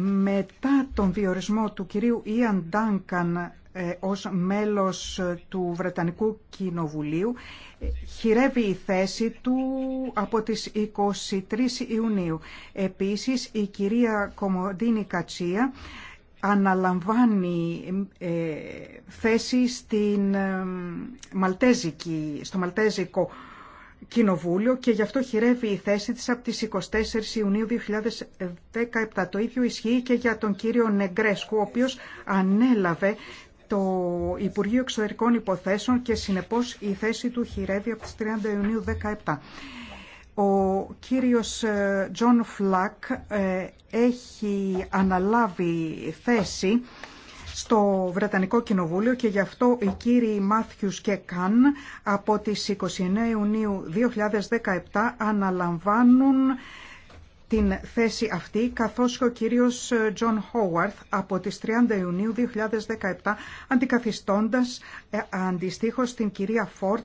Μετά τον διορισμό του κυρίου Ιαν Ντάνκαν ε, ως μέλος ε, του Βρετανικού Κοινοβουλίου ε, χειρεύει η θέση του από τις 23 Ιουνίου. Επίσης η κυρία Κομοντίνη Κατσία αναλαμβάνει θέση στην, στο Μαλτέζικο Κοινοβούλιο και γι' αυτό χειρεύει η θέση της από τις 24 Ιουνίου 2017. Το ίδιο ισχύει και για τον κύριο Νεγκρέσκου, ο οποίος ανέλαβε το Υπουργείο Εξωτερικών Υποθέσεων και συνεπώς η θέση του χειρεύει από τις 30 Ιουνίου 2017. Ο κύριος ε, Τζον Φλακ ε, έχει αναλάβει θέση στο Βρετανικό Κοινοβούλιο και γι' αυτό οι κύριοι Μάθιους και Καν από τις 29 Ιουνίου 2017 αναλαμβάνουν την θέση αυτή, καθώς και ο κύριος Τζον Χόουαρθ από τις 30 Ιουνίου 2017, αντικαθιστώντας ε, αντιστοίχως την κυρία Φόρτ